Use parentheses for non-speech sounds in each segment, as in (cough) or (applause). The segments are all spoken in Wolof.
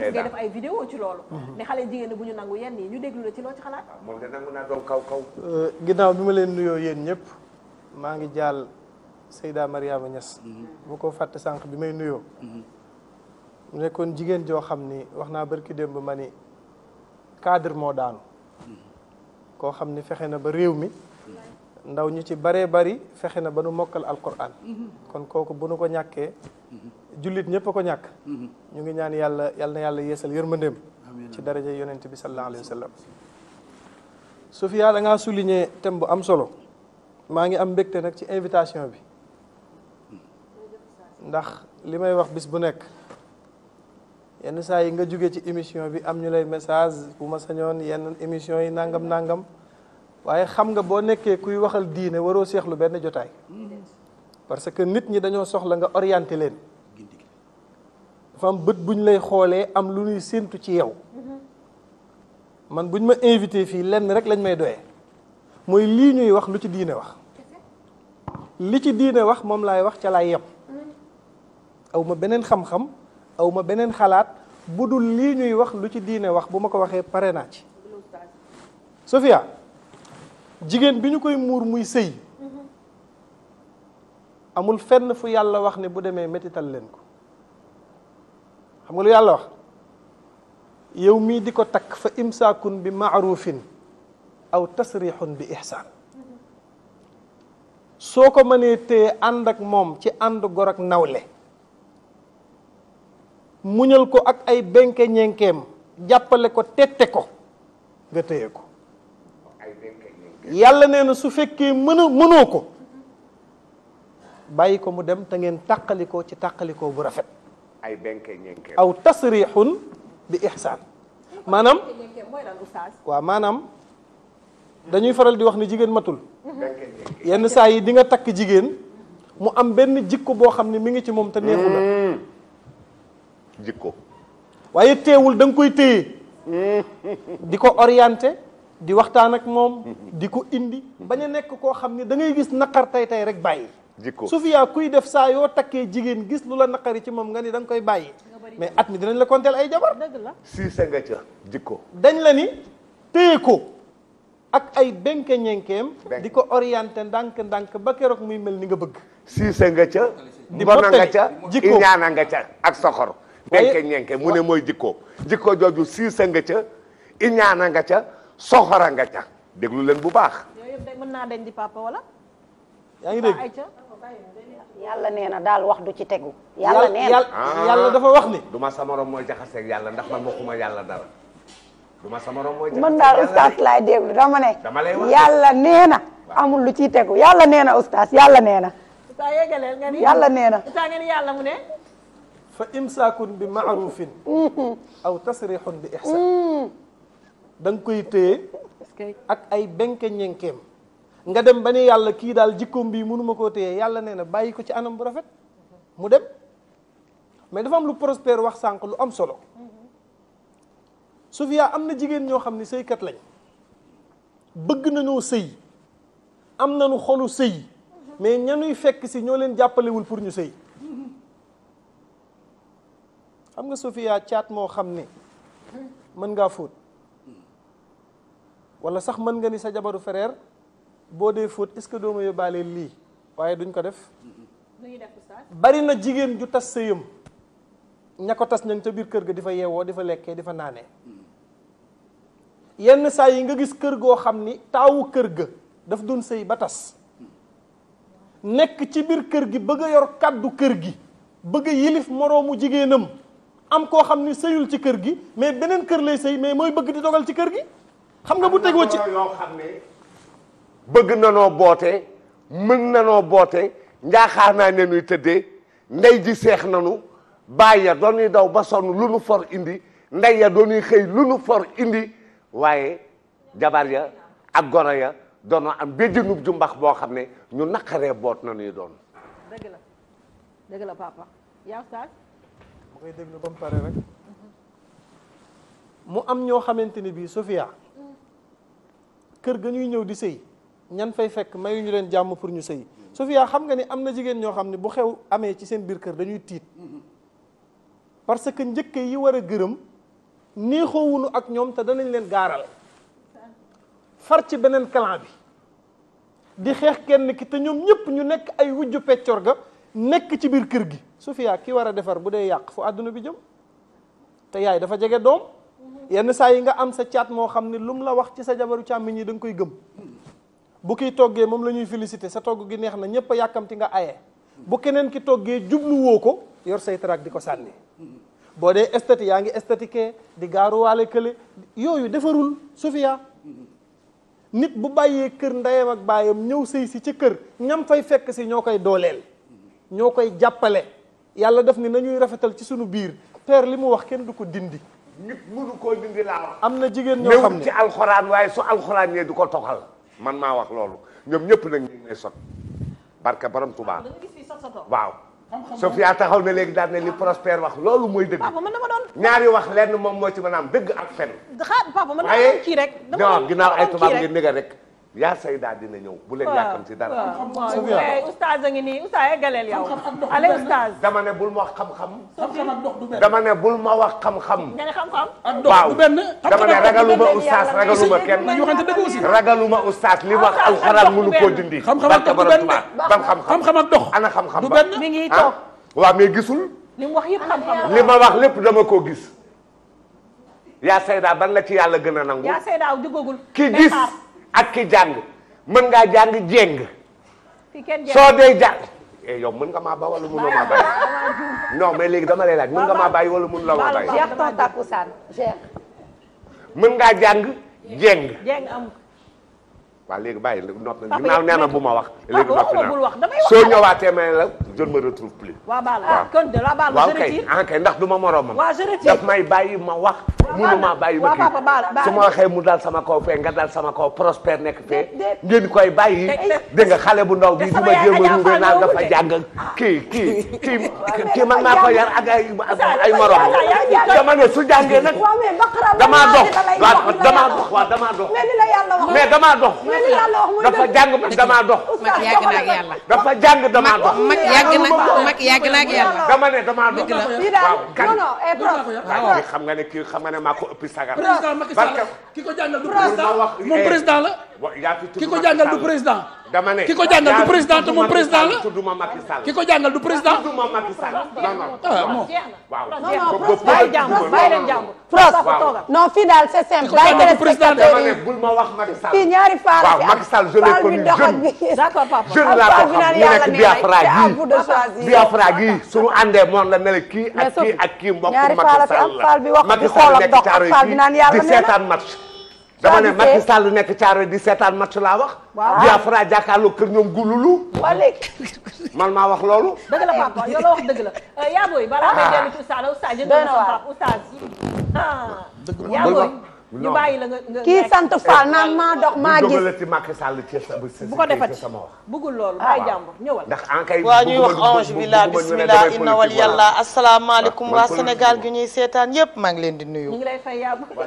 fois ay vidéo ci loolu ne xale jigéen bu ñu nangu yenn yi ñu déglu la ci loo ci ah, moom de nangu naa doom kaw kaw euh, ginnaaw bi ma leen nuyoo yéen ñëpp maa ngi jàll Seyda Mariama Niass mm-hmm. bu ko fàtte sànq bi may nuyoo mm-hmm. mu nekkoon jigéen joo xam ni wax naa barki démb ma ni cadre moo daanu mm-hmm. koo xam ni fexe na ba réew mi ndaw ñu ci baree bari fexe na ba nu mokkal alquran kon kooku bu nu ko ñàkkee jullit ñëpp ko ñàkk ñu ngi ñaan yàlla yàlla na yàlla yeesal yërmandeem ci daraja yonent bi sallallahu alayhi wa sallam Sofia da ngaa souligner thème bu am solo maa ngi am mbégte nag ci invitation bi ndax li may wax bis bu nekk yenn saa yi nga jóge ci émission bi am ñu lay message bu ma sañoon yenn émission yi nangam nangam waaye xam nga boo nekkee kuy waxal diine waroo seexlu benn jotaay parce que nit ñi dañoo soxla nga orienté leen dafa am bët buñ lay xoolee am lu ñuy séentu ci yow man buñ ma invité fii lenn rek lañ may doyee mooy lii ñuy wax lu ci diine wax li ci diine wax moom laay wax ca laay yem aw ma beneen xam-xam aw ma beneen xalaat bu dul lii ñuy wax lu ci diine wax bu ma ko waxee pare naa ci Sophia jigéen bi ñu koy muur muy sëy amul fenn fu yàlla wax ne bu demee métital leen ko xam nga lu yàlla wax yow mii di ko takk fa imsaakun bi maarufin aw tasrixun bi ihsaan soo ko mënee téye ànd ak moom ci ànd gor ak nawle muñal ko ak ay benke ñenkeem jàppale ko tette ko nga téye ko yàlla nee na su fekkee mën a mënoo ko bàyyi ko mu dem te ngeen tàqalikoo ci tàkkalikoo bu rafet ay benke ñenke aw tasrixun bi ihsaan maanaam waa maanaam dañuy faral di wax ni jigéen matul yenn saa yi di nga takk jigéen mu am benn jikko boo xam ne mi ngi ci moom te neexu la hmm. jikko waaye teewul danga koy téye hmm. di ko orienté di waxtaan ak moom. Mhm. di ko indi. bañ a nekk koo xam ne da ngay gis naqar tey tey rek bàyyi. jikko Sofia kuy def saa yoo takkee jigéen gis lu la naqari ci moom nga ni danga koy bàyyi. mais at mi dinañ la konteel ay jabar. dëgg la siise nga ca jikko. dañ la ni téye ko ak ay benke ñenkeem. di ko oriente ndànk ndànk ba keroog muy mel ni nga bëgg. siise nga ca. di mbona nga ca jikko ñaana ca ak soxor. benke ñenke mu ne mooy jikko. jikko jooju siise nga ca. iñaana nga ca. soxora nga ca déglu bu baax. yooyu yëpp mën naa dañ di wala. yaa ngi dégg nee na daal wax du ci tegu. yàlla na yàlla dafa wax ni. du ma sama morom mooy jaxaseeg yàlla ndax man waxuma yàlla dara. du ma sama morom mooy jaxaseeg yàlla mën daal ustaas laay déglu dama ne. dama lay wax yàlla nee na. amul ciy tegu yàlla nee na ustaas yàlla nee na. ustaas nee na. yàlla mu ne. fa imsaakun bi maarufin mm-hmm. aw tasrixun bi ixsaan mm-hmm. da nga koy téye ak ay benke ñenkeem nga dem ba ne yàlla kii daal jikkoom bii mënuma koo téye yàlla nee na bàyyi ko ci anam bu rafet mu dem mais dafa am lu prospère wax sànq lu am solo Sofia am na jigéen ñoo xam ne sëykat lañ bëgg nañoo sëy am na nañu xolu sëy mais ñanuy fekk si ñoo leen jàppalewul pour ñu sëy xam nga Sofia caat moo xam ne mën ngaa fóot wala sax mën nga ni sa jabaru frère boo dee fóot est-ce que doo ma yóbbaale lii waaye duñ ko def bari na jigéen ju tas sëyam ña ko tas ña ca biir kër gi dafa yeewoo di lekkee di fa naanee yenn saa yi nga gis kër goo xam ni taawu kër ga daf doon sëy ba tas nekk ci biir kër gi bëgg yor kàddu kër gi bëgg a yilif moroomu jigéenam am koo xam ni sëyul ci kër gi mais beneen kër lay sëy mais mooy bëgg di dogal ci kër gi xam nga bu tegoo ci yoo ne bëgg na noo boote mën na noo boote njaaxaar naa ne nuy tëddee ndey ji seex na nu ya doonuy daw ba sonn lu nu for indi ndey ya doonuy xëy lu nu for indi waaye jabar ya ak goro ya doonoo am béjjënub ju mbax boo xam ne ñu naqaree boot na nuy doon dëgg la dëgg la mu am ñoo xamante ni bii Sofia kër ga ñuy ñëw di sëy ñan fay fekk ñu leen jàmm pour ñu sëy Sofia xam nga ni am na jigéen ñoo xam ne bu xew amee ci seen biir kër dañuy tiit parce que njëkk yi war a gërëm neexoowunu ak ñoom te danañ leen gaaral far ci beneen clan bi di xeex kenn ki te ñoom ñëpp ñu nekk ay wujju peccoor ga nekk ci biir kër gi Sofia ki war a defar bu dee yàq fu àdduna bi jëm te yaay dafa jege doom yenn saa yi nga am sa caat moo xam ne lu mu la wax ci sa jabaru càmmiñ yi danga koy gëm bu kiy toggee moom la ñuy félicité sa togg gi neex na ñëpp a yàkkamti nga aye bu keneen ki toggee jubluwoo ko yor say trak di ko sànni boo dee esthétique yaa ngi esthétique di gaaruwaale kële yooyu defarul Sofia nit bu bàyyee kër ndeyam ak baayam ñëw sëy si ci kër ñam fay fekk si ñoo koy dooleel ñoo koy jàppale yàlla def ni nañuy rafetal ci sunu biir père li mu wax kenn du ko dindi nit mënu koo dindi laa wax. am na jigéen ñoo xam ne ci alxuraan waaye su alxuraan yee du ko toxal man maa wax loolu ñoom ñëpp nag ñu ngi may sot barka borom Tuubaa ah, waaw. soo Sofia taxaw na léegi daal ne li Prospère wax loolu mooy dëgg. ñaari wax lenn moom mooy ci mën a am dëgg ak fen. papa man dama kii rek. dama doon ginnaaw ay tubaab ngeen négal rek. yaa sayda dina ñëw bu leen a ngi nii oustaz ale oustaz dama ne bul ma wax xam-xam xam-xam ak ne bul ma wax xam-xam nga ne xam-xam ak dox du benn dama ne ragaluma oustaz ragaluma kenn ñu waxante dëgg aussi ragaluma oustaz li wax alxuraan mënu ko dindi xam-xam ak dox du mi ngi ah? toog waaw mais gisul li mu wax lépp dama koo gis ya sayda ban la ci yàlla gën a nangu ki gis ak ki jàng mën ngaa jàng jéng soo dee jàng eh yow mën nga maa ba wala mënoo maa bàyyi non mais léegi dama lay laaj mën nga maa bàyyi wala mun la maa bàyyi mën ngaa jàng jéng jéng am waaw léegi bàyyi nopp na ginnaaw nee bu ma wax ah, léegi noppi naa soo ñëwaatee may la je ne me retrouve plus waaw baal ah, ah, kay ndax du ma moroomam daf may bàyyi ma wax munu maa bàyyi ma kii su ma waxee mu dal sama kaw nga dal sama kaw prospère nekk fee ngeen koy bàyyi dégg nga xale bu ndaw bii di ma jéem a ruube naan dafa jàng kii kii (laughs) kii kii man maa ko yar ak ay ay moroom dama ne su dafa jàng man damaa dox. mag yàgg na ak yàlla. dafa jàng damaa dox. mag yàgg na mag yàgg na ak yàlla. dama ne damaa dox. waaw kan eh, xam nga ne kii xam nga ne maa ko ëppi sagar. parce que eh. président la. ki ko jàngal du président. dama ne ki ko jàngal du président te moom président la tudduma Macky ki ko jàngal du président. tudduma Macky Sall non non. ah non non fii daal c'est simple. bul ma wax Macky Sall. fii ñaari faar la waaw Macky Sall je l'ai connu jeune. d'accord papa jeune laa ko a mu nekk Biafra gii Biafra gii suñu àndee moom la ne la kii ak kii ak a mbokk Macky Sall la. Macky Sall nekk a yi di seetaan dama ne Macky Sall nekk caaro di seetaan match laa wax. waaw Biafra jàkkaarloo kër ñoom gululu. waa léegi. man maa wax loolu. dëgg la papa yow la wax dëgg la. Euh, yaa booy balaa may ah. dellu ci oustaz ah. la oustaz ñu bàyyi la nga nga kii sant Fall naan maa dox maa gis bu ko defati bëggul loolu ah, bàyyi jàmbur ñëwal waaw ñuy wax ange billah bismillah inna wal yàlla asalaamaaleykum waa Sénégal gi ñuy seetaan yépp maa ngi leen di nuyu ñu ngi lay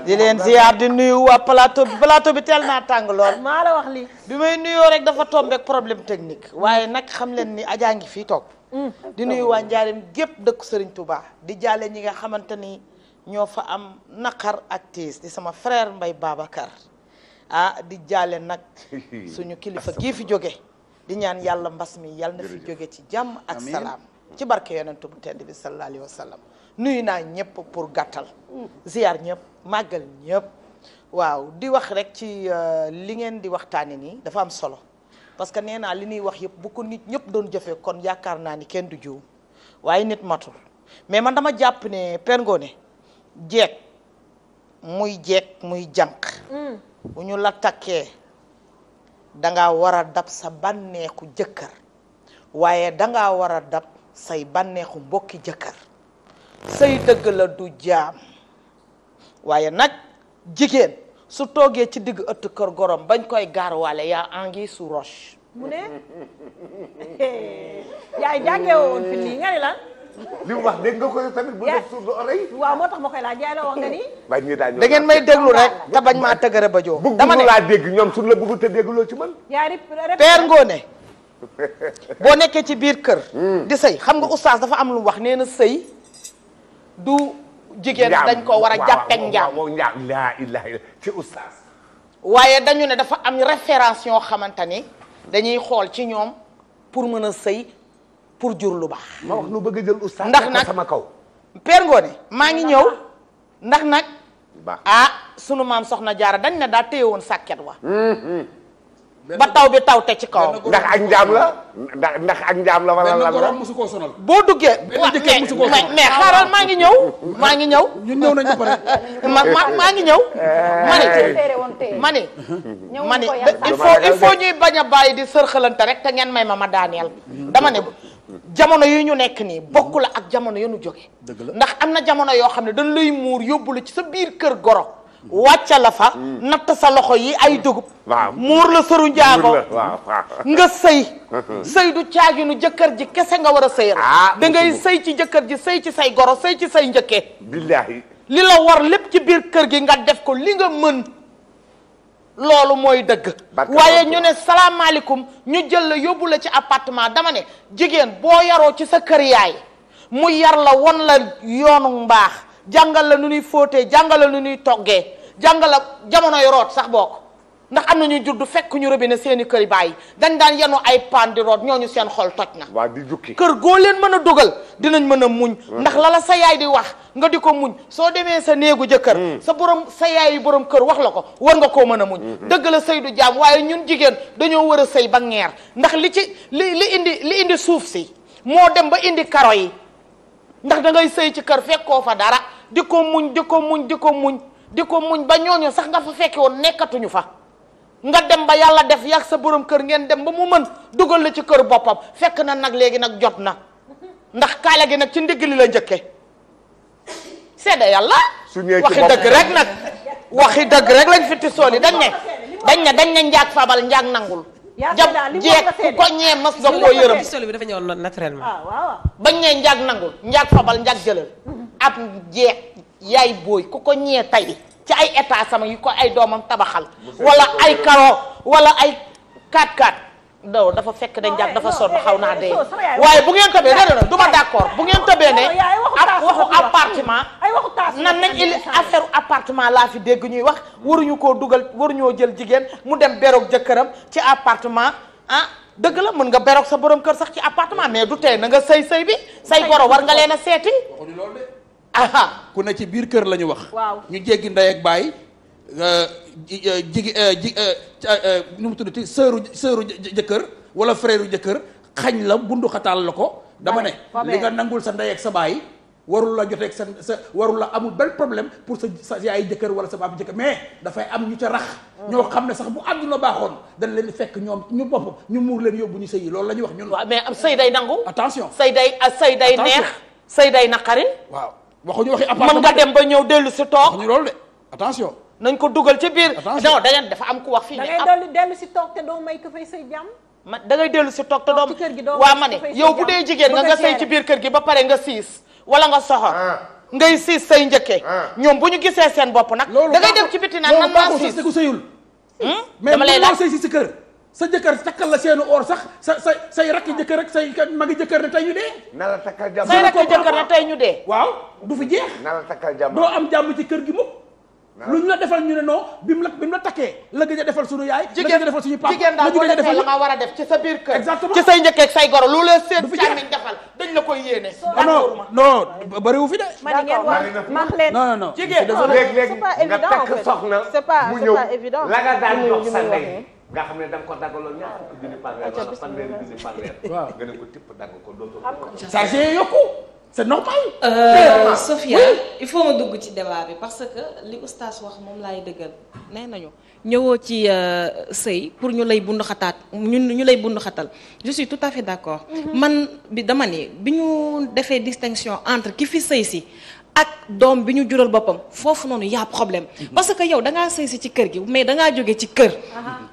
di leen ziar di nuyu waa plateau bi plateau bi teel naa lool maa wax lii bi may nuyoo rek dafa tombeek problème technique waaye nag xam leen ni ajaa ngi fii toog mm. di nuyu waa njaarim gépp dëkk Serigne Touba di jàlle ñi nga xamante ni ñoo fa am naqar ak tiis di sama frère mbay Babacar ah di jaale nag (laughs) suñu kilifa gii fi jóge di ñaan yàlla mbas mi yàlla na fi jóge ci jàmm ak salaam ci barke yonentu bu tedd bi sallallahu nuyu naa ñëpp pour gàttal mm. ziar ñëpp màggal ñëpp waaw di wax rek ci euh, li ngeen di waxtaane nii dafa am solo parce que nee naa li ñuy wax yëpp bu ko nit ñëpp doon jëfee kon yaakaar naa ni kenn du jiw waaye nit matul mais man dama jàpp ne Père jeeg muy jeeg muy jànq mm. bu ñu la takkee danga war dab sa bànneexu jëkkër waaye danga war a dab say bànneexu mbokki jëkkër say dëgg la du jaam waaye nag jigéen su toogee ci diggu ëtt kër gorom bañ koy gaarwaale yaa angi su roche (laughs) yaay jàngee woon fi lii nga ne lan li mu wax dégg nga ko tamit bu def suuf oreille tax ma koy laaj yaay la wax nga ni (laughs) waaye ñu da ngeen may déglu rek te bañ maa tëgëra ba joo dama ne laa dégg ñoom suñu la bëggul te loo ci man yaay père Ngoné (laughs) boo nekkee ci biir kër hmm. di sëy xam nga oustaz dafa am lu wax nee na sëy du jigéen dañ ko war a jàppeeg njaam laa ilaha illa ci oustaz waaye dañu ne dafa am référence yoo xamante ni dañuy xool ci ñoom pour mën a sëy pour jur lu baax. ma lu bëgg jël oustaz. ndax nag sama kaw. Père Ngoné maa ngi ñëw ndax nag. ah sunu maam soxna jaara dañ ne daa téye woon sàkket wa mhm. ba taw bi taw te ci kawam. ndax ak njaam la ndax ak njaam la wala lan la musu koo boo duggee waaw mais mais xaaral maa ngi ñëw. maa ngi ñëw ñun ñëw nañu (laughs) maa ngi ñëw. ma ne ma ne. ma ne il faut il faut ñuy bañ a bàyyi di sërxalante rek te ngeen may ma ma daaneel. dama ne jamono yi ñu nekk nii bokk la ak jamono yenu jóge ndax am na jamono yoo xam ne dañ lay muur yóbbu la ci sa biir kër goro wàcca la fa hmm. natt sa loxo yi ay hmm. dugub waaw muur la sëru njaago nga sëy (laughs) sëy du caaginu jëkkër ji kese nga war a sëy rek ah, da ngay sëy ci jëkkër ji sëy ci say goro sëy ci say njëkke billaahi li la war lépp ci biir kër gi nga def ko li nga mën loolu mooy dëgg waaye ñu ne salaamaaleykum ñu jël la yóbbu la ci appartement dama ne jigéen boo yaroo ci sa kër yaay mu yar la won la yoonu mbaax jàngal la nu ñuy fóotee jàngal la nu ñuy toggee jàngal la jamonoy root sax bokk ndax am na ñu juddu fekk ñu robinet seen i kër bàyyi dañ daan yenu ay paan di root ñooñu seen xol toj na. waaw di jukki kër goo leen mën a dogal dinañ mën a muñ. Hmm. ndax lala sa yaay di wax nga di ko muñ soo demee sa néegu jëkkër. Hmm. sa borom sa yaay yu borom kër wax la ko war nga koo mën a muñ. Hmm. dëgg la sëy du jaam waaye ñun jigéen dañoo war a sëy ba ngeer ndax li ci li li indi li indi suuf si moo dem ba indi karo yi ndax da ngay sëy ci kër fekkoo fa dara di ko muñ di ko muñ di ko muñ di ko muñ ba ñooñu sax nga fa fekke woon nekkatuñu fa nga dem ba yàlla def yàgg sa borom kër ngeen dem ba mu mën dugal la ci kër boppam fekk na nag léegi nag jot na ndax kaala gi nag ci ndigg li la njëkke sedda yàlla waxi dëgg rek nag waxi dëgg rek lañu fi tisool yi dañ ne dañ ne dañ ne njaag fabal njaag nangul jab jeeg ku ko ñee mas nga koo yërëm tisool bi dafa ñëw naturellement ah, bañ ne njaag nangul njaag fabal njaag jëlal ab jeeg yaay booy ku ko ñee tay ci ay état sama yi ko ay doomam tabaxal wala ay karo wala ay 4-4 daw dafa fekk dañ jàpp dafa sonn xaw naa dee waaye bu ngeen tëbee déedéet du ma d'accord bu ngeen tëbee ne ab nan nañ ili affaire appartement laa fi dégg ñuy wax waruñu koo dugal waruñoo jël jigéen mu dem beroog jëkkëram ci appartement ah dëgg la mun nga beroog sa borom kër sax ci appartement mais du tey na nga sëy sëy bi say goro war nga leen a seeti aha ku ne ci biir kër la ñu wax. waaw ñu jéggi ndey ak baay. Euh, ji euh, euh, ji ji nu mu tudd tuddati sëru sëru jëkkër wala frère jëkkër xañ la bundu xataal la ko. dama ne li nga nangul sa ndey ak sa baay. warul la joteeg sa sa warul la amul benn problème pour sa sa yaay jëkkër wala sa baab jëkkër mais dafay am ñu ca rax. Mm-hmm. ñoo xam ne sax bu àdduna baaxoon dañ leen fekk ñoom ñu boppam ñu muur leen yóbbu ñu sëy yi loolu la ñuy wax ñun. waaw mais am sëy day nangu. attention sëy day sëy day neex. sëy day naqari waaw. waxuñu waxi appartement mën nga dem ba ñëw dellu si toog waxuñu loolu de nañ ko dugal ci biir. attention non da ngeen dafa am ku wax. fii ne da ngay dellu si toog te doo may ko fay say jàmm. man dellu si toog te doo. kër gi doo waa ma ne yow bu dee jigéen nga nga sëy ci biir kër gi ba pare nga siis wala nga soxor. Ah. ngay siis say njëkke. Ah. ñoom bu ñu gisee seen bopp nag. da ngay dem ci biti naan man maa siis loolu baaxul sax te ku sëyul. Hmm? dama lay laaj sëy si si kër sa jëkkër takkal la seenu or sax sa sa say rakki jëkkër rek say magi jëkkër ne tey ñu dee. na la takkal jàmm say rakki jëkkër ne tey ñu dee. waaw du fi jeex. na la takkal jàmm doo am jàmm ci kër gi mukk. lu ñu la defal ñu ne noo bi mu la bi mu la takkee la gëj a defal suñu yaay. la gëj a defal suñu papa jigéen daal boo defee la nga war a def ci sa biir kër. exactement ci say njëkk ak say goro lu la seen càmmiñ defal dañ la koy yéene. non non bëriwu fi de. ma ngeen wax max leen non non jigéen léeg-léeg nga takk soxna mu ñëw la nga daan jox sa nga xam ne da nga ko daggaloon ñaar fukki junni par weer ah, wala fanweeri ko dagg ko dootoo ko. chargé yokku c'est euh, il faut ma dugg ci débat bi parce que li oustaz wax moom laay dëggal nee nañu ñëwoo ci euh, sëy pour ñu lay bund xataat ñun ñu lay bund xatal je suis tout à fait d'accord. Mm-hmm. man bi dama ne bi ñu defee distinction entre ki fi sëy si. ak doom bi ñu jural boppam foofu noonu y a problème mhm. parce que yow da ngaa sëy si ci kër gi mais da ngaa ci kër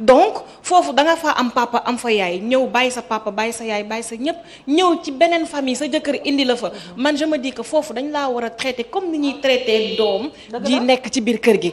donc foofu da nga faa am papa am fa yaay ñëw bàyyi sa papa bàyyi sa yaay bàyyi sa ñëpp ñëw ci beneen famille sa jëkkër indi la fa mhm. man je me dis foofu dañ laa war a traité comme ni ñuy traité doom ji nekk ci biir kër gi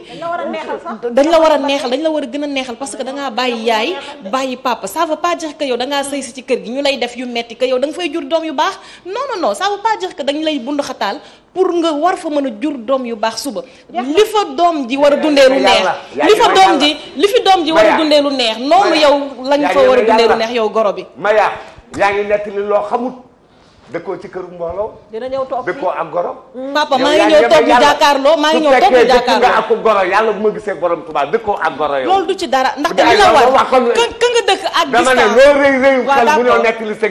dañ la war a neexal dañ la war a gën a neexal parce que da ngaa yaay bàyyi papa ça veut yow da ngaa sëy si ci kër gi ñu lay def yu metti que yow da nga fay jur doom yu baax non non non ça veut pas dire que dañ lay bundu xataal pour nga war fa mën a jur doom yu baax suba li fa doom ji war a dundee lu neex li fa doom ji li fi doom ji war a dundee lu neex noonu yow lañ fa war a dundee lu neex yow goro bi ma yaa yaa loo xamut dëkkoo ci këru mbooloo. dëkkoo ak goro. Mm, yàlla bu ma gisee borom tubaab dëkkoo ak goro yow. loolu du ci dara ndax dañu la war ka nga dëkk ak. sa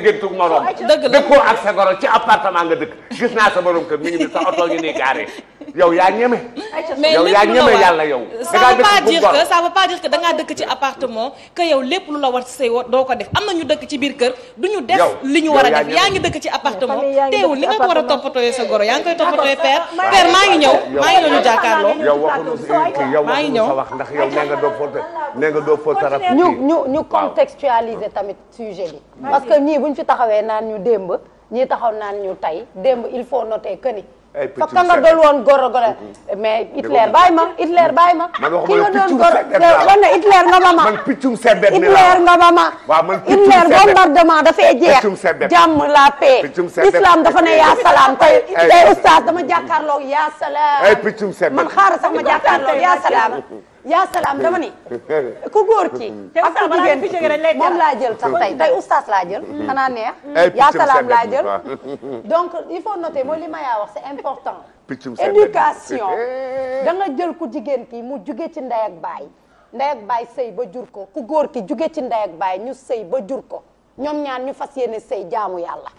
la dëkkoo ak sa goro ci appartement nga dëkk. gis naa sa borom kër mi ngi ni sa oto ngi nii gaaree. yow yaa ñeme. yow yaa ñeme yàlla yow. da ngaa dëkk bu gor ça veut pas dire que da ngaa dëkk ci appartement que yow lépp lu la war say doo ko def am na ñu dëkk ci biir kër du ñu def li ñu war a def yaa ngi dëkk ci appartement teewul li nga ko war a toppatooyee sa goro yaa ngi koy toppatooyee père père maa ngi ñëw maa ngi ñëw ñu jàkkaarloo yow waxuñu kii yow waxuñu sa wax ndax yow nee nga doo foote nee nga doo foote rap ñu ñu ñu contextualiser tamit sujet bi parce que ñii buñ fi taxawee naan ñu démb ñii taxaw naan ñu tey demb il faut noter que ni ay picc fakka nga doon woon goro goro mais Hitler bàyyi ma Hitler bàyyi ma. man waxuma la piccum serbet laa la ne Hitler nga ma ma. man piccum serbet ne nga ma ma. waaw man piccum serbet Hitler bombardement dafay jeex. piccum serbet jàmm la paix. piccum serbet islam dafa ne yaa salaam tey. tey oustaz dama jàkkaarloog yaa salaam. ay piccum serbet man xaaral sax yaa salaam. yaa salaam dama ni ku góor ki te oustaz balaa fi moom laa jël sax tey tey oustaz laa jël mm. xanaa neex yaa salaam laa jël donc il faut noter mooy li ma yaa wax c'est important éducation da nga jël ku jigéen ki mu juge ci ndey ak baay ndey ak baay sëy ba jur ko ku góor ki juge ci ndey ak baay ñu sëy ba jur ko ñoom ñaan ñu fas yéene sëy jaamu yàlla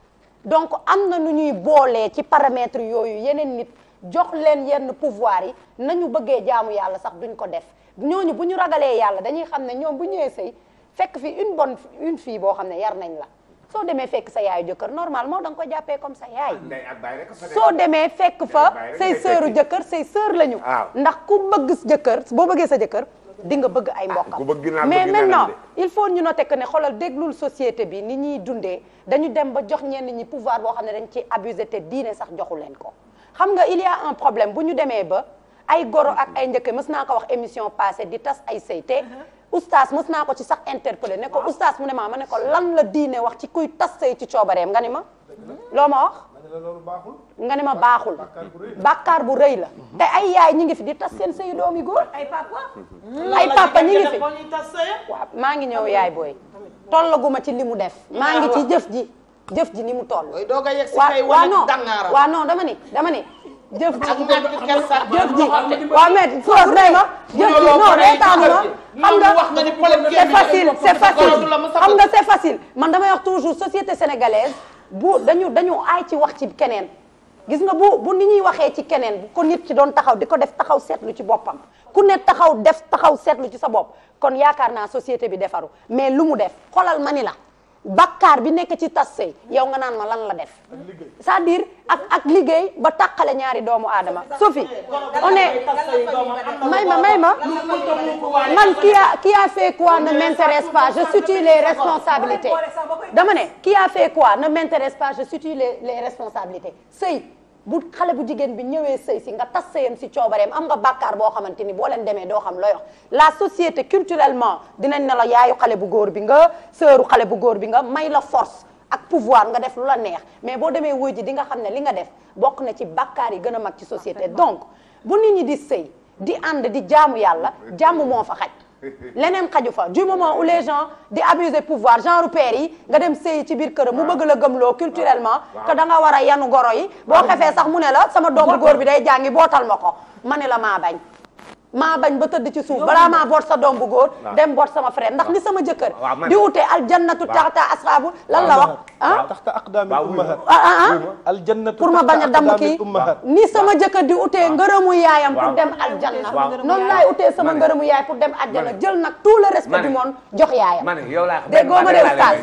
donc am na nu ñuy boolee ci paramètres yooyu yeneen nit jox leen yenn pouvoir yi nañu bëggee jaamu yàlla sax duñ ko def ñooñu bu ñu ragalee yàlla dañuy xam ne ñoom bu ñëwee sëy fekk fi une bonne une fille boo xam ne yar nañ la soo demee fekk sa yaayu jëkkër normalement da nga ko jàppee comme sa yaay ah, soo demee fekk fa say sœuru jëkkër say sœur lañu ndax ku bëgg jëkkër boo bëggee sa jëkkër di nga bëgg ay ah, mbokkam mais maintenant il faut ñu noter que ne xoolal déglul société bi ni ñuy dundee dañu dem ba jox ñenn ñi pouvoir boo xam ne dañ ci abusé te diine sax joxu leen ko xam nga il y problème bu ñu demee ba ay goro ak ay njëkke mës naa ko wax émission passée di tas ay sëy te uh-huh. oustaz mës naa ko ci sax interpellé ne ko oustaz mu ne maa ma ne ko lan la diine wax ci kuy tas sëy ci coobareem nga ne ma loo ma wax nga ne ma baaxul bàkkaar bu rëy la uh-huh. te ay yaay ñi ngi fi di tas seen sëyu doomi góor ay papa mm-hmm. ay papa ñi ngi fi waaw maa ngi ñëw yaay booy tollaguma ci li mu def maa ngi ci jëf ji jëf ji ni mu toll. waaw doo ko yegg si kay wane dangaara waaw non dama ni dama ni. jëf ji jëf ji waaw mais Soros may ma jëf ji non reetaanu ma xam nga c'est facile c'est facile xam nga c'est facile man damay wax toujours société sénégalaise bu dañu dañu aay ci wax ci keneen gis nga bu bu ni ñuy waxee ci keneen bu ko nit ci doon taxaw di ko def taxaw seetlu ci boppam ku ne taxaw def taxaw seetlu ci sa bopp kon yaakaar naa société bi defaru mais lu mu def xolal ma ni la bakkaar bi nekk ci tas sëy yow nga naan ma lan la def c'est-à-dire ak ak liggéey ba tàqale ñaari doomu aadama sofi on est may ma may ma man qui a qui a fait quoi ne m'intéresse pas je situe les responsabilités dama ne qui a fait quoi ne m'intéresse pas je situe les les responsabilités sëy bu xale bu jigéen bi ñëwee sëy si nga tas sëyam si coobareem am nga bàkkaar boo xamante ni boo leen demee doo xam looy wax la société culturellement dinañ ne la yaayu xale bu góor bi nga sëru xale bu góor bi nga may la force ak pouvoir nga def lu la neex mais boo demee wuy ji di nga xam ne li nga def bokk na ci bàkkaar yi gën a mag ci société donc bu nit ñi di sëy di ànd di jaamu yàlla jàmm moo fa xaj leneen xaju fa du moment où les gens di abuser pouvoir genre père yi nga dem sey ci biir këram mu ah. bëgg la gëmloo culturellement ah. que da nga war a yanu goro yi ah. boo xefee sax mu ne la sama doomu góor bi day jàngi bootal ma ko ma ne la maa bañ maa bañ ba tëdd ci suuf balaa maa boot sa doom bu góor dem boot sama frère ndax ni sama jëkkër di wutee aljannatu taxta asxaabu lan la ah taxta aqdaami ummahat ah, ah, ah? ma bañ a damm kii ni sama jëkkër di utee ngërëmu yaayam pour dem aljanna noonu laay utee sama ngërëmu yaay pour dem aljanna jël nag tout le respect du monde jox yaayam déggoo ma de ustaas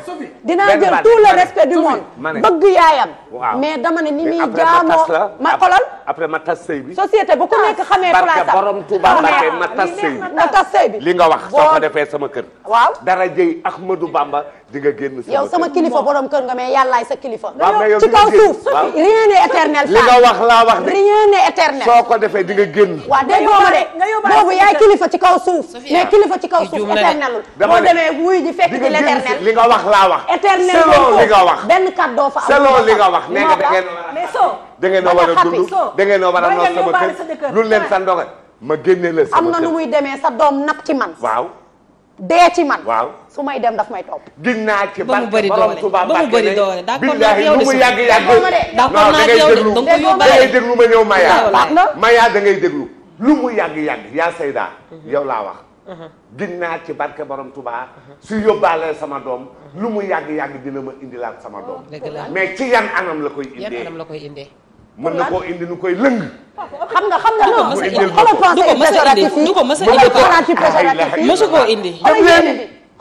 jël tout le respect du monde bëgg yaayam mais dama ne ni muy ma xolal après ma tas bi société bu ku nekk xamee place borom Tuuba ma tas sëy bi ma tas bi li nga wax soo ko defee sama kër di nga génn sama kilifa borom kër nga mais yàllaay sa kilifa. ci kaw suuf rien n'est éternel. li nga wax laa wax de rien éternel. soo ko defee dinga nga génn. waaw ci kaw suuf. mais ci kaw suuf éternelul. dama ne boo demee wuy ji fekk ci l'éternel. li nga wax laa wax. éternel selon li nga wax. benn kat doo fa am selon da ngeen. mais soo a a dund da ngeen a lu leen sa ndogal ma génne la sama kër am na sa doom nap ci man waaw dee ci man. waaw su may dem daf may topp. gis naa ci ba mu bëri doole ba mu bëri doole d'accord naa yow de yàgg yàgg d'accord naa yow de ma ñëw ngay déglu lu mu yàgg yàgg yaa Seyda mhm. yow laa wax. Mhm. gis naa ci barke borom tubaa su yóbbaalee sama doom mhm. lu mu yàgg yàgg dina ma indilaat sama doom. mais ci yan anam la koy indee yan la koy indee. mën na koo indi nu koy lëng. xam nga xam nga non mos a indi du ko mos a indi mosu koo indi. dem leen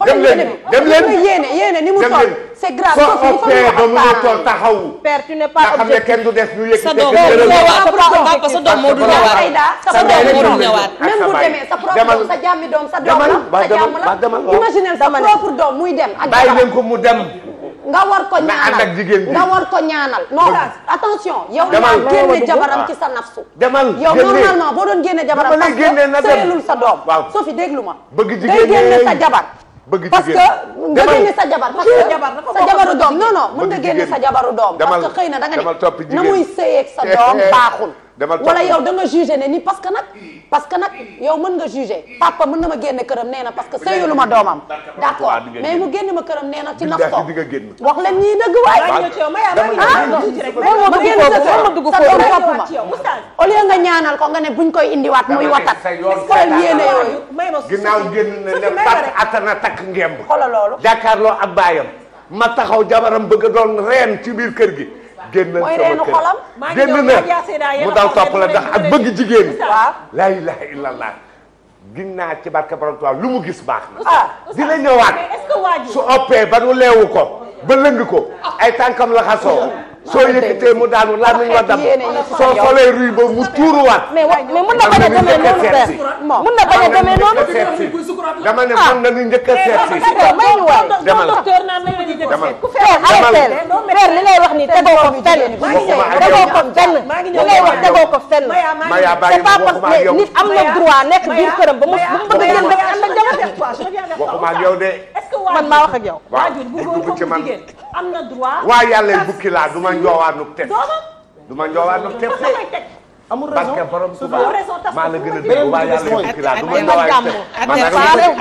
dem leen dem leen yéene yéene ni mu toll c'est grave ba mu ne toll taxaw. père tu n'es pas xam ne kenn du def ñu sa doom sa doom moo dul ñëwaat sa doom moo dul ñëwaat même bu demee sa propre doom sa jàmmi doom sa doom la sa jàmm la imaginez sa propre doom muy dem ak bàyyi leen ko mu dem nga war ko ñaanal nga war ko ñaanal non attention yow yaa génne jabaram ci sa nafsu demal yow normalement boo doon génne jabaram parce que sëyalul sa doom Sophie déglu ma bëgg jigéen ngay génne sa jabar parce que nga génne sa jabar parce que sa jabaru doom non non mën nga génne sa jabaru doom parce que xëy na da nga ne na muy sëyeeg sa doom (laughs) baaxul wala yow da nga jugé ne ni parce que nag parce que nag yow mën nga jugé papa mën na ma génne këram nee na parce que sëyulu ma doomam d'accord mais mu génne ma këram nee na ci naf ko wax leen ñii dëgg waay ma génn sa kër ma dugg foofu topp ma au lieu nga ñaanal ko nga ne buñ koy indiwaat muy watat xoolal yéene yooyu ginnaaw génn na ne pat atana takk ngemb xoolal loolu jàkkaarloo ak baayam ma taxaw jabaram bëgg a doon reen ci biir kër gi génnal na kër génn na mu daw topp la ndax ak bëgg jigéen waaw laa ilaha illallah gin naa ci barke borom tubaab lu mu gis baax na ah, dina ñëwaat su oppee ba nu leewu ko ba lëng ko ah. ay tànkam la soo yëkkatee mu daanu làmmiñ wa dam soo solee ruy ba mu tuuruwaat. mais mais mun na bañ a demee noonu père mun na bañ a demee noonu. dama ne ah. mën nañu njëkk a seet si. may ñu waay dama la dama la père li ngay wax ni tegoo ko fenn. tegoo ko fenn li ngay wax tegoo ko fenn. c'est pas parce que nit am na droit nekk biir këram ba mu bëgg a génn dafa ànd ak jabar. waxuma ak yow de. man maa wax ak yow. waaw bu ci man. am na droit. waa yàlla bukki laa du ma njoowaanug teg du ma njoowaanug teg amul raison parce que borom suba maa la gën a déglu waa yàlla kii laa du ma njoowaanug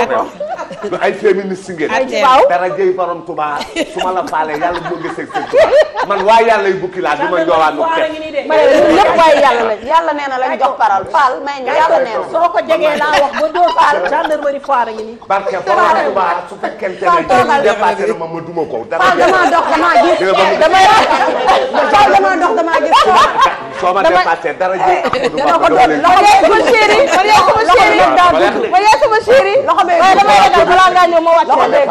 teg lu (laughs) ay féministe ngeen. waaw dara jëy borom Tuubaa su ma la faale yàlla bu ma gisee seen Tuubaa man waa yàlla yu bukki laa du ma ñëwaat lu kenn. ma ne ñun ñëpp waaye yàlla lañ yàlla nee na lañ jox paral faal may ñu yàlla nee na. soo ko jegee laa wax ba doo faal gendarmerie foire a ngi nii. barke borom Tuubaa su fekkente ne jëli dépassé na ma ma duma ko. dara jëy faal damaa dox damaa gis. damay faal damaa dox damaa gis. soo ma dépassé dara jëy. Eh, dama ko doon loxo ma chéri ma yaa sama chéri ma yaa sama chéri loxo ma balaa ngaa ma wàccee léegi.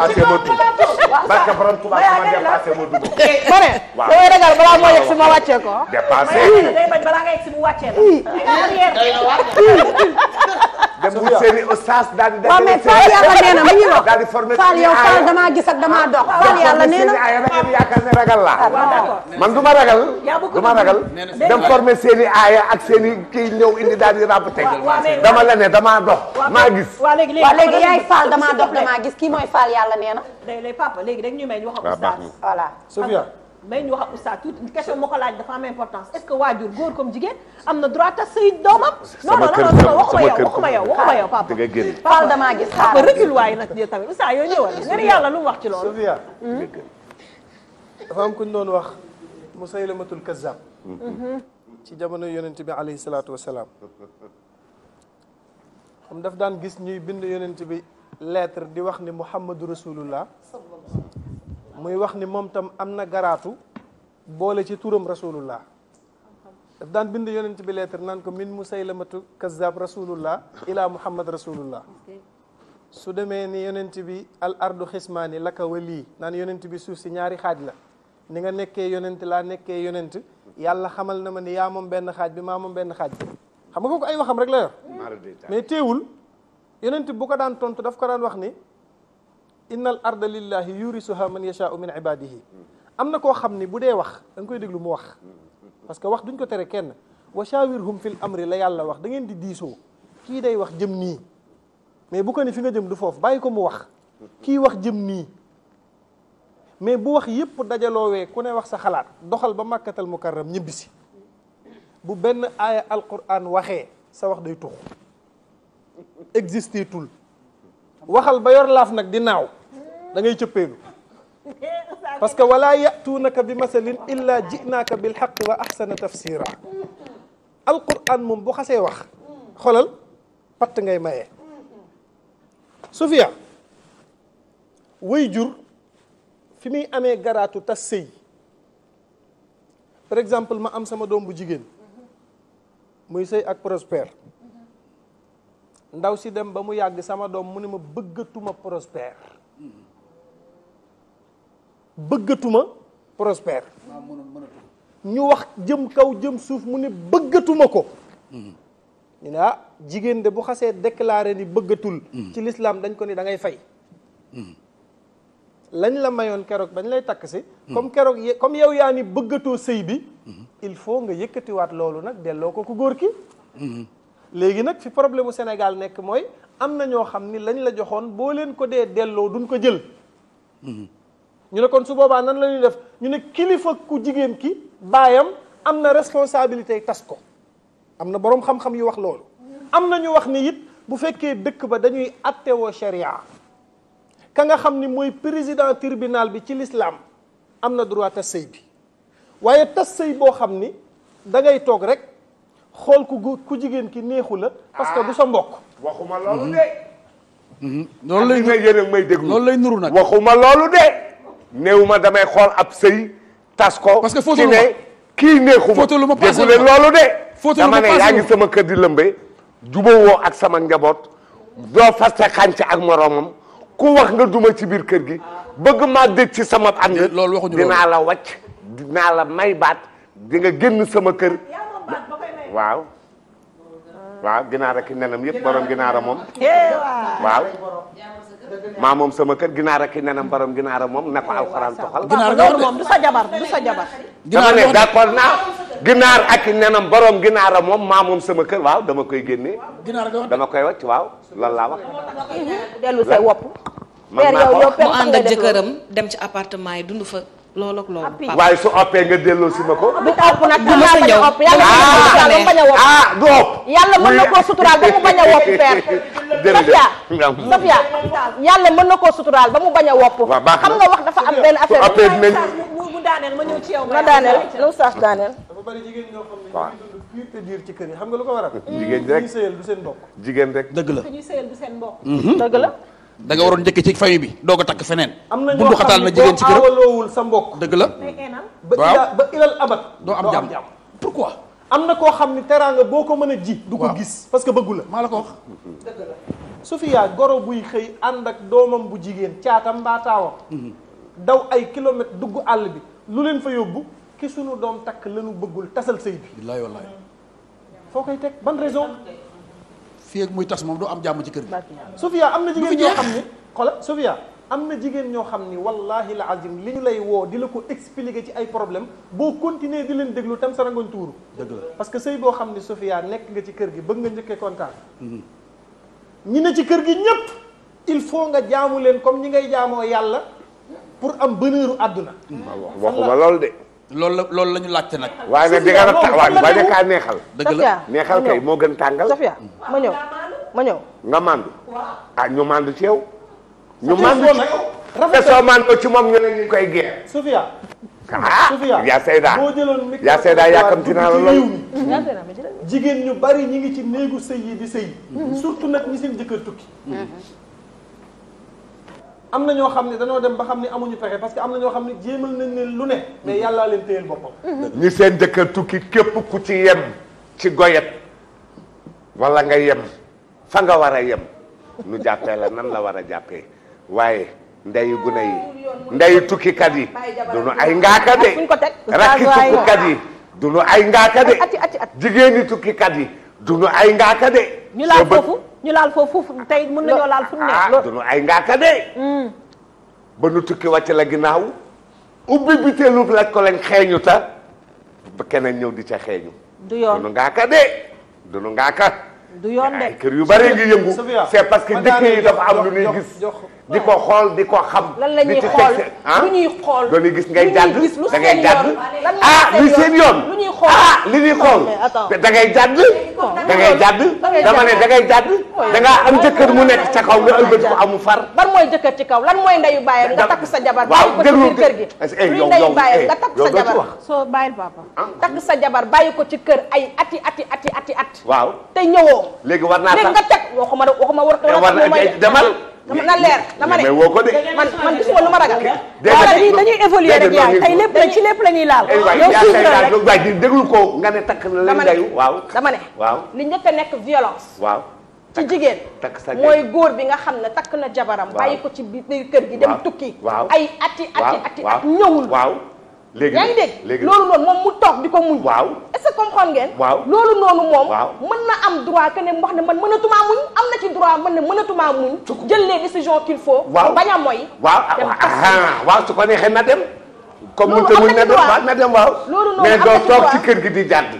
parce que borom tubaab sama dépassé ma dugg. ma ne. Eh, waaw a ragal balaa moo yegg si ma wàccee ko. dépassé la. man du ma ragal. du ma ragal dem formé seen ak seen kii ñëw indi daal di dama la ne damaa dox. maa gis. waaw léegi léegi yaay Fall dox. dox damaa gis kii mooy Fall yàlla nee na. day lay papa léegi rek ñu may ñu wax ak oustaz voilà Sofia may ñu wax ak oustaz tuuti question moo ko laaj dafa am importance est-ce que waajur góor comme jigéen am na droit tas say doomam. non non non non waxuma yow waxuma yow waxuma yow papa. dëgg la Fall damaa gis xaaral papa recul waaye nag yow tamit oustaz yow ñëwal nga ne yàlla lu mu wax ci loolu. Sofia. Hmm? dafa am ku ñu doon wax Musaylamatul Kazzab hmm. Hmm. ci jamono yonent bi alayhi salaatu wa salaam. xam daf daan gis ñuy bind yonent bi lettre di wax ni muhammadu rasulullah muy wax ni moom tam am na garaatu boole ci turam rasulullah daf daan bind yonent bi lettre naan ko min musaylamatu kazzab rasulullah ila muhammad rasulullah su demee ni yonent bi al ardu xismaani laka lii naan yonent bi suuf si ñaari xaaj la ni nga nekkee yonent laa nekkee yonent yàlla xamal na ma ni yaa moom benn xaaj bi maa moom benn xaaj bi xam nga kooku ay waxam rek la yor mais teewul yonent bu ko daan tontu daf ko daan wax ni innal arda lillahi yurisuha man yashaau min ibadihi am na koo xam ni bu dee wax da koy déglu mu wax parce que wax duñ ko tere kenn wa shawirhum fil amri la yàlla wax da ngeen di diisoo kii day wax jëm nii mais bu ko ni fi nga jëm du foofu bàyyi ko mu wax kii wax jëm nii mais bu wax yépp dajaloowee ku ne wax sa xalaat doxal ba màkkatal mukarram ñibbisi bu benn aaya alquran waxee sa wax day tux existé tul waxal ba yor laaf nag di naaw da ngay cëppeelu parce que wala yatuunaka bi masalin illa jinaaka bil xaqi wa axsana tafsira alquran moom bu xasee wax xolal patt ngay maye Sofia way jur fi muy amee garaatu tas sëy par exemple ma am sama doom bu jigéen muy sëy ak prosper ndaw si dem ba mu yàgg sama doom mu ne ma bëggatuma prospère bëggatuma prospère ah, ñu wax jëm kaw jëm suuf mu ne bëggatuma ko mm-hmm. ñu ah, jigéen de bu xasee déclaré ni bëggatul mm-hmm. ci lislaam dañ ko ni da ngay fay mm-hmm. lañ la mayoon keroog bañ lay takk si comme keroog comme yow yaa ni bëggatoo sëy bi il faut nga yëkkatiwaat loolu nag delloo ko ku góor ki léegi nag fi problème mu Sénégal nekk mooy am na ñoo xam ni lañ la joxoon boo leen ko dee delloo duñ ko jël. Mm-hmm. ñu ne kon su boobaa nan la def ñu ne kilifa ku jigéen ki baayam am na responsabilité tas ko am na boroom xam-xam yu wax loolu. am na ñu wax ni it bu fekkee dëkk ba dañuy attewoo sharia ka nga xam ni mooy président tribunal bi ci l'islam am na droit tas sëy bi waaye tas sëy boo xam ni da ngay toog rek. xool ku góor ku jigéen ki neexu la. parce que ah. du sa mbokk. waxuma loolu mm-hmm. de. Mm-hmm. loolu lay nga yéen may déglu loolu lay nuru nag. waxuma de. néew ma damay xool ab sëy tas ko. parce que fóotalu ma kii neexu ma déglu leen loolu de. dama ne yaa ngi sama kër di lëmbe. jubawoo ak sama njaboot. doo fasta xànc ak moroomam ku wax nga duma ci biir kër gi. bëgg maa dégg ci sama ànd. Eh, loolu waxuñu dinaa la wàcc dinaa la may baat di nga génn sama kër. waaw waaw ginaar ak nenam yëpp borom ginaara moom waaw maa moom sama kër ginaar ak nenam borom ginaara ginaar a moom du sa jabar du sa jabar dama ginaar ak moom maa sama kër waaw dama koy génne dama koy wacc waaw loolu laa wax mm-hmm. mu ànd ak jëkkëram dem ci appartement yi dund fa loolu ak loolu. waaye su oppee nga delloo si ma ko. du ah, opp nag du mos a ñëw ah, ah du opp. yàlla mën na koo suturaal ba mu bañ a wopp (laughs) na koo suturaal ba mu bañ a wopp. xam nga wax dafa am benn affaire. su oppee dinañ mu daaneel ma ñëw ci yow. ma daaneel lu saas daaneel. dafa bari jigéen diir ci kër yi xam nga lu ko waral. jigéen rek seen mbokk. jigéen rek dëgg la. Mhm. dëgg la. danga nga waroon njëkk ci famille bi doo ko takk feneen. bu du xataal na jigéen ci këram awaloowul sa mbokk. dëgg la waaw ba ilal abat. doo am jàmm pourquoi. am na koo xam ni teraanga boo ko mën a ji. du ko gis parce que bëggu la maa la ko wax. dëgg goro buy xëy ànd ak doomam bu jigéen caatam mbaa mhm. daw ay kilomètre dugg àll bi lu leen fa yóbbu ki sunu doom takk lanu bëggul tasal sëy bi. foo koy teg ban raison. fii ak muy tas moom du am jàmm ci kër gi. Sofia am na jigéen ñoo xam ne xoolal Sofia am na jigéen ñoo xam ni wallahi la azim li ñu lay woo di la ko expliquer ci ay problème boo continuer di leen déglu tam sa rangoñ tuuru. dëgg la parce que sëy boo xam ni Sofia nekk nga ci kër gi bëgg nga njëkkee kontaan. Mhm. ñu ne ci kër gi ñëpp il faut nga jaamu leen comme ñi ngay jaamoo yàlla pour am bëneeru àdduna. Mhm. waxuma loolu de. loolu la loolu la laajte nag. waaye nag di nga la ta a kaa neexal. dëgg la neexal kay moo gën tàngal. Safia ma ñëw ma ñëw. nga màndu. ah ñu màndu ci yow. ñu màndu ci te soo màndoo ci moom ñu ne ñu koy géej. Safia. ah yaa Seyda yaa Seyda yàkkamti naa la lool. Mm-hmm. jigéen ñu bari ñu ngi ci néegu sëy yi di sëy. Mm-hmm. surtout nag ñi seen jëkkër tukki. Mm-hmm. am na ñoo xam ne dañoo dem ba xam ne amuñu pexe parce que am na ñoo xam ne jéemal nañ leen lu ne mais yàllaa leen téyel boppam ñi seen jëkkër tukki képp ku ci yem ci goyet wala nga yem fa nga war yem nu jàppee la nan la war a jàppee waaye ndeyu gune yi ndeyu tukkikat yi duñu ay ngaaka de rakki tukkikat yi duñu ay ngaaka de jigéeni tukkikat yi duñu ay ngaaka de ñu laa ñu laal foofu tey mën nañoo laal fu mu ah, ne. ay ngaaka de. Hmm. ba nu tukki wàcc la ginnaaw. ubbi bi teelul laaj ko leen xeeñu ta ba keneen ñëw di ca xeeñu. du yoon dunu ngaaka de dunu ngaaka. du yoon de kër yu bari ngi yëngu. c'est parce que dëkk yi dafa am lu ñuy gis. di ko xool di ko xam. lan la ñuy xool ah? lu ñuy xool lu ñuy gis ngay jàdd da ngay jàdd ah lu seen yoon lu ñuy xool ah li ñuy da ngay jàdd da ngay jàdd dama ne da ngay jàdd da ngaa am jëkkër mu nekk ca kaw nga ëlbati ko amu far. ban mooy jëkkër ci kaw lan mooy ndeyu bàyyi nga takk sa jabar. waaw déglu kër gi eh, luy ndeyu bàyyam eh, nga takk sa jabar soo bàyyil papa. Ah? takk sa jabar bàyyi ko ci kër ay ati ati ati ati at. waaw te ñëwoo. léegi war naa tax nga teg waxuma waxuma war. Eh, war na demal dama na leer dama ne man man gisuma lu ma ragal. déedéet dañuy évoluer rek yaay tey lépp ci lépp la ñuy laal. yow suuf rek waay di déglu ko nga ne takk na la ngayu waaw dama waaw li njëkk a nekk violence. waaw ci jigéen. mooy góor bi nga xam ne takk na jabaram. bàyyi ko ci biir kër gi dem tukki. ay ati ati ati ak ñëwul. léegi yaa ngi loolu noonu moom mu toog di ko muñ waaw est-ce que comprendre waaw loolu noonu moom mën na am droit que ne wax ne man mënatumaa muñ am na ci droit man ne mënatumaa muñ jël les décisions qu'il faut waaw bañ a mooy waaw ah, ah, waaw su ko neexee na dem comme mënta muñ na dem waaw na dem waaw loolu noonu mais doo toog ci kër gi di jàdd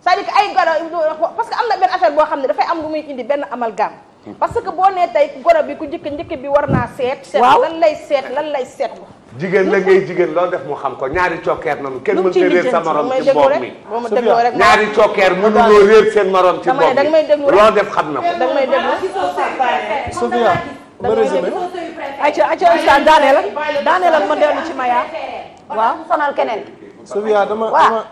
c'est-à-dire que ay goro parce que am na benn affaire boo xam ne dafay am lu muy indi benn amalgame hmm. parce que boo nee tey goro bi ku njëkk njëkk bi war naa seet seet lan lay seet lan lay seet jigéen la ngay jigéen loo def mu xam ko ñaari cokkeer noonu kenn mënut a réer sa morom ci mboq mi ñaari cokkeer mënuloo réer seen morom ci mboq mi loo def xam na ko. da nga may déglu Sophia ba résumé. ayca ayca ustaz daaneel ak daaneel ak ma dellu ci Maya. waaw sonal keneen. Sophia dama dama.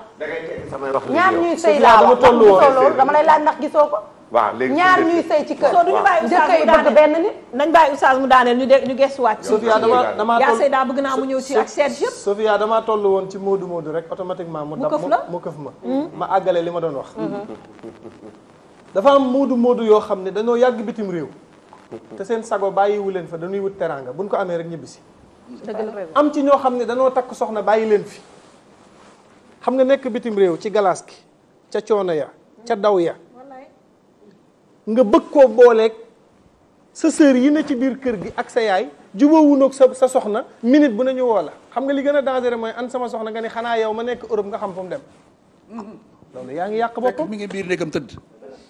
ñaar ñuy sëy laa wax dama toll woon dama lay laaj ndax gisoo ko. waaw léegi ñaar ñuy sëy ci kër. waaw duñu bàyyi oustaz mu benn nañ bàyyi oustaz mu daaneel ñu de ñu gestuwaat. Sofia dama dama toll yaa bëgg naa mu ñëw ci ak seet yëpp. dama toll woon ci moodu moodu rek automatiquement. mu dab mu këf ma. Hmm? ma àggale li ma doon wax. Hmm. dafa am moodu moodu yoo xam ne dañoo yàgg bitim réew. te seen sago bàyyiwu leen fa dañuy wut teraanga buñ ko amee rek ñibbisi. am ci ñoo xam ne dañoo takk soxna bàyyi leen fi. xam nga nekk bitim réew ci galaas gi ca coono ya ca daw ya nga bëgg koo booleeg sa sœur yi na ci biir kër gi ak sa yaay jubóowuñu ak sa sa soxna minute bu nañu woo la xam nga li gën a dangereux mooy an sama soxna nga ni xanaa yow ma nekk Europe nga xam fu mu dem mm-hmm. loolu yaa ngi yàq boppam mi ngi biir néegam tëdd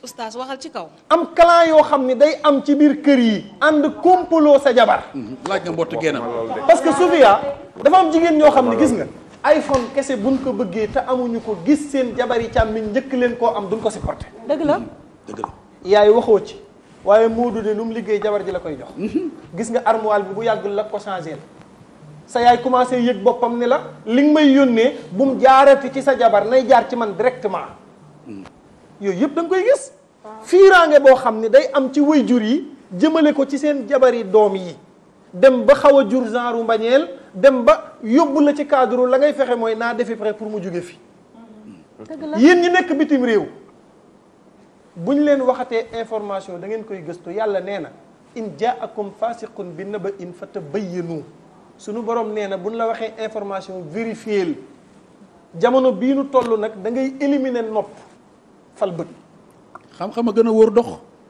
oustaz waxal ci kaw am clan yoo xam ni day am ci biir kër yi ànd kompaloo sa jabar mm-hmm. laaj nga mbottu génnam parce que Sofia dafa am jigéen ñoo xam ne gis nga iPhone kese bu buñ ko bëggee te amuñu ko gis seen jabar yi càmmiñ njëkk leen koo am duñ ko si dëgg la mm-hmm. dëgg la yaay waxoo ci waaye Moodu de lu mu liggéey jabar ji la koy jox. Mhm. gis nga armoire bi bu yàgg la ko changé la sa yaay commencé yëg boppam ne la li nga may yónnee bu mu jaarati ci sa jabar nay jaar ci man directement. Mhm. yooyu yëpp da nga koy gis. fiiraange boo xam ne day am ci way jur yi jëmale ko ci seen jabari doom yi dem ba xaw a jur genre mbañeel dem ba yóbbu la ci cadre la ngay fexe mooy naa defi prêt pour mu jóge fi. yéen ñi nekk bitim réew. bu ñu leen waxatee information da ngeen koy gëstu yàlla nee na in jaakum fasiqun bi naba in fa tabayyanu sunu borom nee na bu ñu la waxee information vérifier jamono bii nu toll nag da ngay éliminer nopp fal bët. xam gën a wóor dox.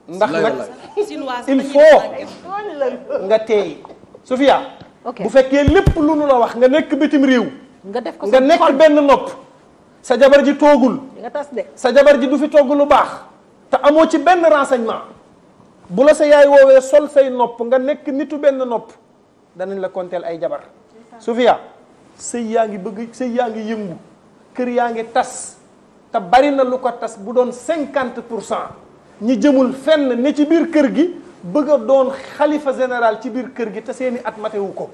ndax nag il faut nga teey Sofia bu fekkee lépp lu nu la wax nga nekk bitim réew. nga def ko nga nekk benn nopp. sa jabar ji toogul. nga tas de sa jabar ji du fi togg lu baax. te amoo ci benn renseignement bu la sa yaay woowee sol say nopp nga nekk nitu benn nopp danañ la konteel ay jabar Sofia sëy yaa ngi bëgg sëy yaa ngi yëngu kër yaa ngi tas te bari na lu ko tas bu doon cinquante pour cent ñi jëmul fenn ne ci biir kër gi bëgg a doon xalifa général ci biir kër gi te seeni at matewu ko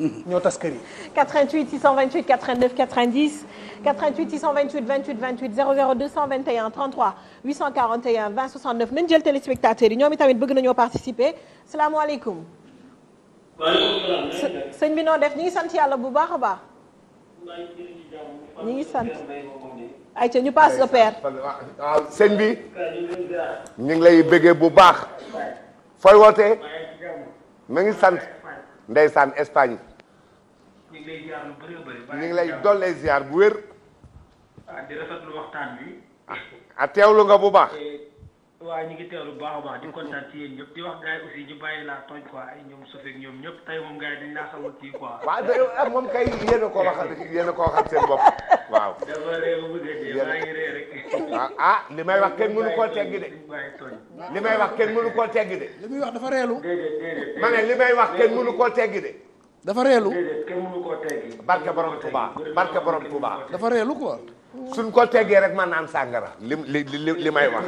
ñoo tas kër yi. 88 628 89 90 88 628 28 28 00 221 33 841 20 69 nañ jël téléspectateurs yi ñoom itamit bëgg nañoo participer salaamaaleykum. waaleykum salaam. sëñ bi noo def ñu ngi sant yàlla bu baax a baax. ñu ngi sant. ayca ñu passe le père. waaw sëñ bi. ñu ngi lay bëggee bu baax. fooy wootee. ma ngi sant. ndeysaan Espagne. ñu ngi lay ziar lu bëri bëri. ñu ngi lay dolli ziar bu wér. ah di rafetlu waxtaan bi. ah, ah teewlu nga bu baax. Eh, waaw ñu ngi teewlu bu baax a baax di kontaan ci yéen ñëpp di wax gars yi aussi ñu bàyyi laa tooñ quoi ay ñoom Sofeeg ñoom ñëpp tey moom gars yi dañ laa xamul kii quoi. (laughs) waaw de ah, moom kay yéen a ko waxal yéen a ko waxal seen bopp waaw. (laughs) dafa réew bu gëj maa ngi ree rek. Ah, ah li may wax kenn mënu koo teggi de. li may wax kenn mënu koo teggi de. li muy wax dafa reelu. déedéet déedéet ma ne li may wax kenn mënu koo teggi de. dafa reelu barke borom Touba barke borom Touba dafa reelu ko suñ ko tegee rek man naan sàngara li li li may wax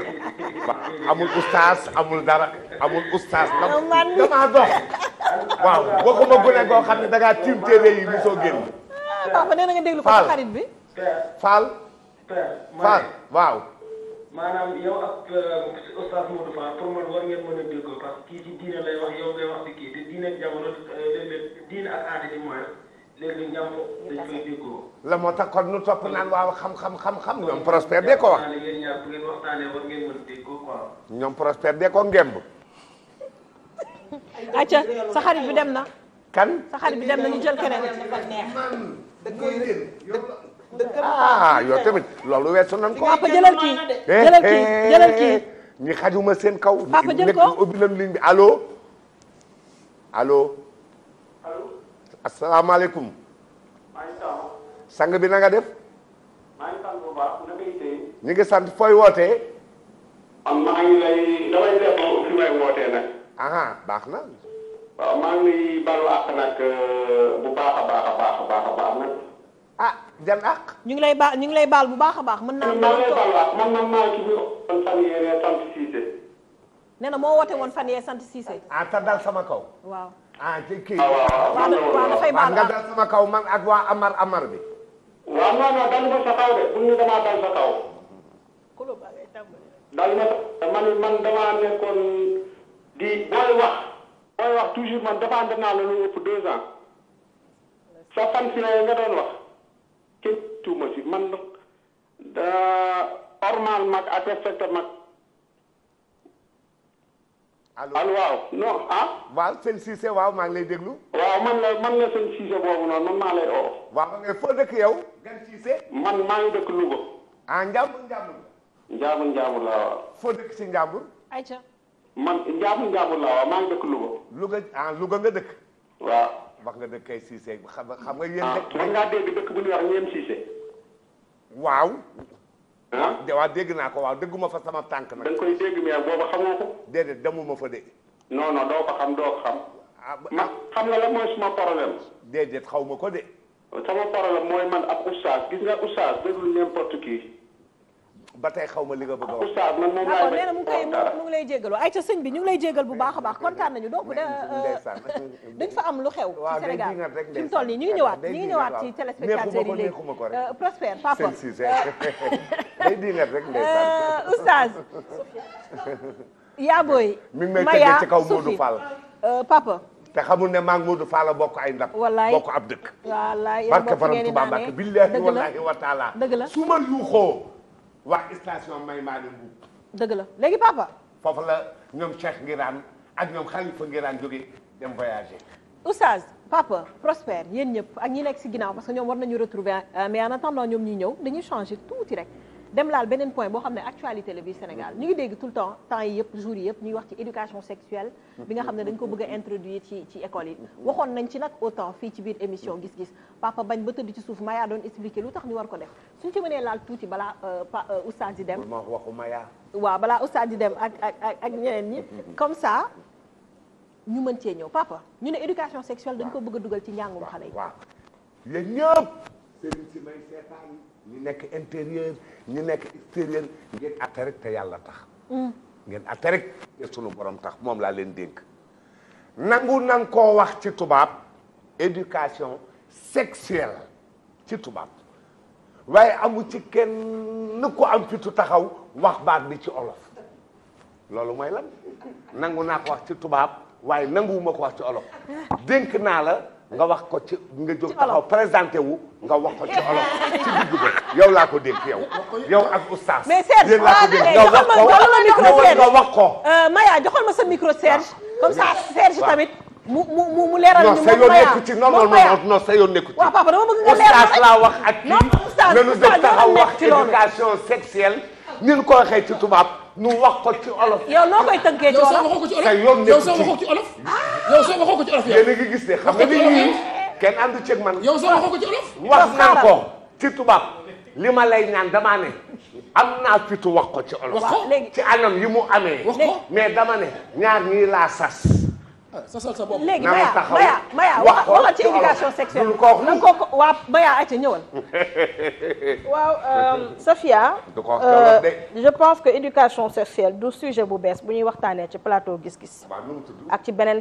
amul ustaas amul dara amul ustaas damaa dox waaw waxuma gune goo xam ne da ngaa tiim télé yi mosoo génn ah, papa nee na nga déglu ko bi Fall Fall waaw maanaam yow ak euh, a déggoo la moo tax nu topp naan waaw xam-xam xam-xam ñoom de ko wax. yéen ñaar bu ngeen waxtaanee de ko ngemb. sa kan sa xarit bi dem ah yow tamit loolu weesu nañ ko. papa jëlal kii jëlal kii jëlal xajuma seen kaw. papa jël ko nekk ubbi nañ ligne bi allo allo. allo. asalaamaaleykum. sang bi na nga def. ñu ngi sant fooy wootee. maa baax na. waaw maa ngi balu àq nag bu baax a baax baax baax nag. jël àq. ñu ngi lay baal ñu ngi lay baal bu baax a baax mën naa. mën naa lay baal waaw na moo woote woon fan yee sant Cissé. ah te dal sama kaw. waaw ah ci kii. Ah, waaw waaw baal nga ah. dal sama kaw man ak waa Amar Amar bi. waaw non non dal ma sa kaw de buñ ñu dal sa dal ma nekkoon di booy wax. booy wax toujours man dépendre naa la lu ëpp deux ans. sa fan si nga doon wax. tuuma si man da ormal mag ak respecté mag. allo allo waaw non ah. waaw sëñ Cissé waaw maa ngi lay déglu. waaw man la man la sëñ Cissé boobu noonu man lay oo. waaw foo dëkk yow. gan Cissé. man maa ngi dëkk Louga. ah Njàmbur Njàmbur. Njàmbur Njàmbur waaw. foo dëkk si Njàmbur. ayca. man Njàmbur Njàmbur laa waaw maa dëkk Louga. Louga ah Louga nga dëkk. waaw. wax nga dëkk kay Cissé xam nga xam nga yéen. ah man ngaa dégg dëkk bu ñuy wax ñeem Cissé. waaw. ah de waaw dégg naa ko waaw dégguma fa sama tànk nag. da koy dégg mais booba xamoo ko. déedéet demuma fa de. non non xam doo ko xam. ah la mooy suma xaw ma ko de. sama problème mooy man ab oustaz gis nga oustaz déglu n'importe qui. ba tey xaw ma li ba bëgg a wax. d'accord ah, nee na mu ngi koy mu lay jégalu ay bi ñu lay jégal bu baax baax kontaan nañu donc da euh, dañ am lu xew. ci Sénégal fi mu toll ñu ngi ñëwaat ñu ngi ñëwaat ci téléspectateurs yi léegi euh, Prospère papa euh, (laughs) day diingat rek ndeysaan oustaz (laughs) yaa booy Maya ci kaw Modou Fall papa te xamul ne maa ngi Modou Fall bokk ay ndab bokk ab dëkk wallaay barke faram Tuubaa Mbàkke billaahi wallaahi wa taala dëgg la su ma yuuxoo wax station May Maalim Mbuub. dëgg la léegi papa. foofu la ñoom Cheikh Ngiraan ak ñoom Khalifa Ngiraan jóge dem voyager. Oustaz papa Prospère yéen ñëpp ak ñi nekk si ginnaaw parce que ñoom war nañu retrouver euh, mais en attendant ñoom ñuy ñëw dañuy changer tuuti rek. dem laal beneen point boo xam ne actualité la biir Sénégal ñu ngi dégg tout le temps temps yi yëpp jours yi yëpp ñuy wax ci éducation sexuelle bi nga xam ne dañ ko bëgg a introduire ci ci école yi waxoon nañ ci nag autant fii ci biir émission gis-gis papa bañ ba tëdd ci suuf Maya doon expliquer lu tax ñu war ko def suñ ci mënee laal tuuti balaa euh, euh, oustaz di dem waxu balaa oustaz dem ak ak ak ñi comme ça ñu mën cee ñëw papa ñu ne éducation sexuelle dañ ko bëgg a dugal ci njàngum xale yi waaw yéen ñu nekk intérieur ñu nekk extérieur ngeen atte rek yàlla tax mm. ngeen atte rek te sunu borom tax moom laa leen dénk nangu nan koo wax ci tubaab éducation sexuelle ci tubaab waaye amu ci kenn ku am fitu taxaw wax baat bi ci olof loolu mooy la nangu naa ko wax ci tubaab waaye nanguwuma ko wax ci olof ah. dénk naa la nga wax ko ci nga jóg taxaw présenté wu nga wax ko ci (laughs) olof ci digg ba yow laa ko dégg yow yow ak oustaz mais Serge yéen laa ko dénk nga wax ko euh, ma sa micro Serge comme ça Serge tamit mu mu mu mu leeral Maya non sa yoon nekku ci non non non non sa yoon nekku ci waaw papa dama bëgg nga leeral laa wax ak kii nanu jóg taxaw wax éducation sexuelle ni ñu ci tubaab nu wax ko ci olof. yow noo koy tënkee ci olof te yoon nekk ci yow soo waxoo ko ci olof. yow soo waxoo ko ci olof yow. yéen a ngi gis ne xam nga ni kenn àndu ceeg man. yow soo waxoo ko ci olof. wax naa ko ci tubaab li ma lay ñaan damaa ne am naa fitu wax ko ci olof. ci anam yi mu amee. mais dama ne ñaar ñii laa sas. Ah, sosal sa bopp léegi Maya Maya Maya waxal ci éducation sexuelle na nga ko waa Maya ayca ñëwal. (laughs) waaw euh, Safia. (laughs) Euh, je pense que éducation sexuelle du sujet bu bees bu ñuy waxtaanee ci plateau gis-gis. ak ci beneen.